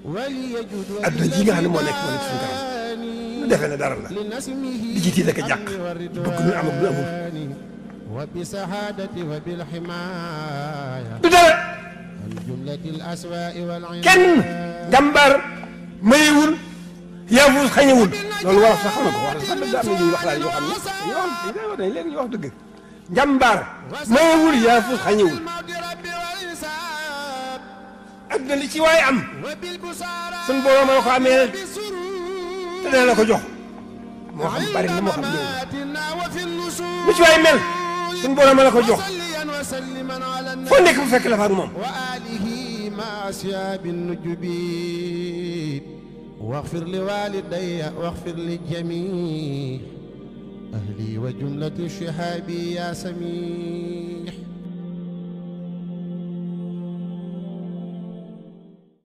adduna ji nga xam ne moo nekk moo nekk suñu kanam lu defee ne dara la li ci tiit ak a jàq bëgg ñu am ak lu amul du dara kenn jàmbaar mayewul yaafus xañewul loolu war sax xam na ko war sax dëgg am na ñuy wax laa yoo xam ne yoon dañ koy wax dañ léegi ñu wax dëgg jàmbaar mayewul yaafus xañewul أدنى لي شيء وايم سنبوا ما هو خامل تدري لا كجوا ما هو خامل بارين ما هو خامل مش وايم مل سنبوا ما هو كجوا فنك مفك له فارم وآله ما أسيا بالنجوب واغفر لوالدي واغفر للجميع أهلي وجملة الشهاب يا سمير